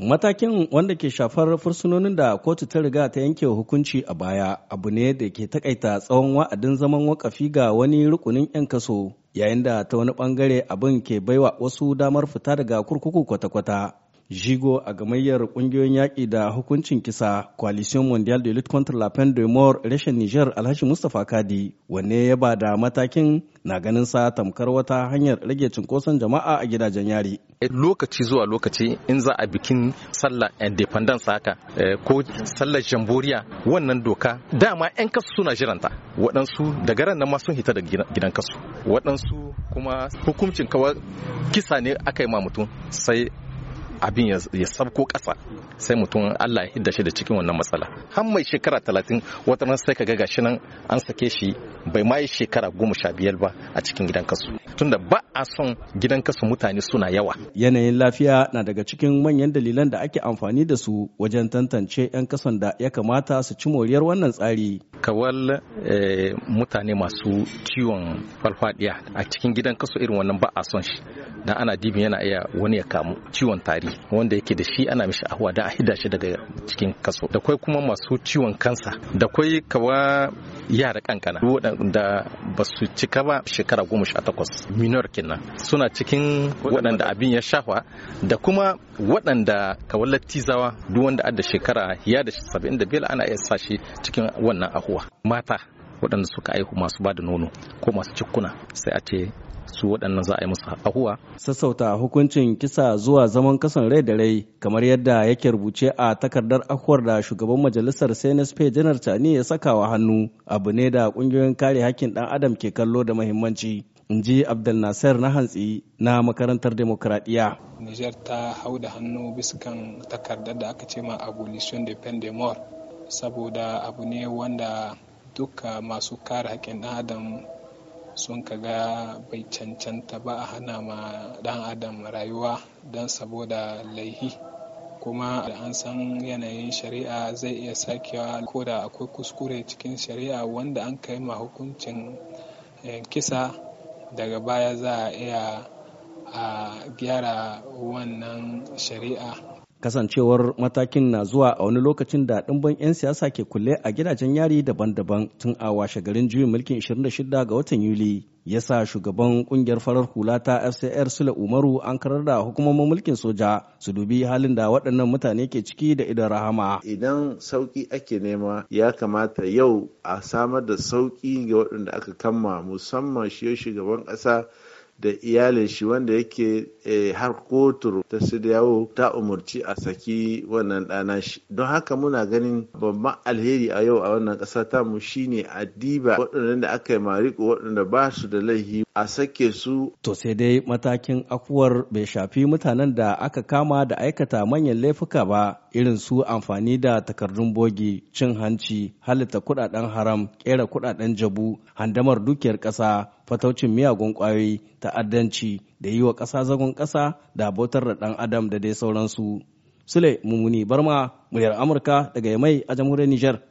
Matakin wanda ke shafar fursunonin da kotu ta riga ta yanke hukunci a baya abu ne da ke takaita tsawon wa'adin zaman wakafi ga wani rukunin 'yan kaso yayin da ta wani bangare abin ke baiwa wasu damar fita daga kurkuku kwata-kwata. jigo a gamayyar ƙungiyoyin yaƙi da hukuncin kisa coalition mondial de lutte contre la peine de mort reshen niger alhaji mustapha kadi wanne ya ba da matakin na ganin sa tamkar wata hanyar rage cinkoson jama'a a gidajen yari lokaci zuwa lokaci in za a bikin sallah independence haka eh, ko sallar jamboriya wannan doka dama 'yan kasu suna jiranta waɗansu daga ran nan ma sun hita da gidan kasu waɗansu kuma hukuncin kawai kisa ne aka yi ma mutum sai abin ya sabko kasa sai mutum Allah ya hidda shi da cikin wannan matsala har mai shekara talatin wata ran sai kaga ga gashi nan an sake shi bai ma shekara goma sha biyar ba a cikin gidan kasu tunda ba a son gidan kasu mutane suna yawa yanayin lafiya na daga cikin manyan dalilan da ake amfani da su wajen tantance 'yan kasan da ya kamata su ci moriyar wannan tsari kawal eh, mutane masu ciwon farfadiya a cikin gidan kasu irin wannan ba a son shi dan ana dibin yana iya wani ya kamu ciwon tari wanda yake da shi ana mishi ahuwa da a hida shi daga cikin kaso da kwai kuma masu ciwon kansa da kwai kawa yara kankana waɗanda ba su cika ba shekara goma sha takwas minor kenan suna cikin waɗanda abin ya shafa. da kuma waɗanda kawallar zawa duk wanda adda shekara ya da saba'in da biyar ana iya sa shi cikin wannan ahuwa mata waɗanda suka aihu masu ba da nono ko masu cikkuna sai a ce su waɗannan za a yi musu ahuwa. Sassauta hukuncin kisa zuwa zaman kasan rai da rai kamar yadda yake rubuce a takardar ahuwar da shugaban majalisar CNSP Janar Tani ya saka wa hannu abu ne da ƙungiyoyin kare hakkin ɗan adam ke kallo da mahimmanci in ji abdulnasir na hantsi na makarantar demokradiyya. niger ta hau da hannu biskan takardar da aka ce ma abolition de peine de mort saboda abu ne wanda duka masu kare haƙƙin ɗan adam sun kaga bai cancanta ba a hana ma dan adam rayuwa don saboda laihi kuma da an san yanayin shari'a zai iya sakewa ko da akwai kuskure cikin shari'a wanda an kai ma hukuncin eh, kisa daga baya za a iya a gyara wannan shari'a kasancewar matakin na zuwa a wani lokacin da ɗimbin 'yan siyasa ke kulle a gidajen yari daban-daban tun a washe garin juyin mulkin 26 ga watan yuli ya sa shugaban kungiyar farar hula ta fcr sula umaru an karar da hukumomin mulkin soja su dubi halin da waɗannan mutane ke ciki da idan rahama idan sauki ake nema ya kamata yau a samar da sauƙi ga waɗanda aka kama musamman shi shugaban ƙasa da iyalin shi wanda yake eh, har kotur ta sidiyawo ta umarci a saki wannan ɗana shi don haka muna ganin babban alheri a yau a wannan ƙasa tamu shine a diba waɗanda aka yi mariko waɗanda ba su da laihi a sake su. To sai dai matakin akuwar bai shafi mutanen da aka kama da aikata manyan laifuka ba irin su amfani da takardun bogi, cin hanci, halitta kudaden haram, kera kudaden jabu, handamar dukiyar kasa fataucin miyagun kwayoyi ta'addanci da yi wa ƙasa zagon kasa da bautar da dan adam da dai sauransu. Sule Mumuni Barma, muryar Amurka daga Yamai a jamhuriyar Nijar.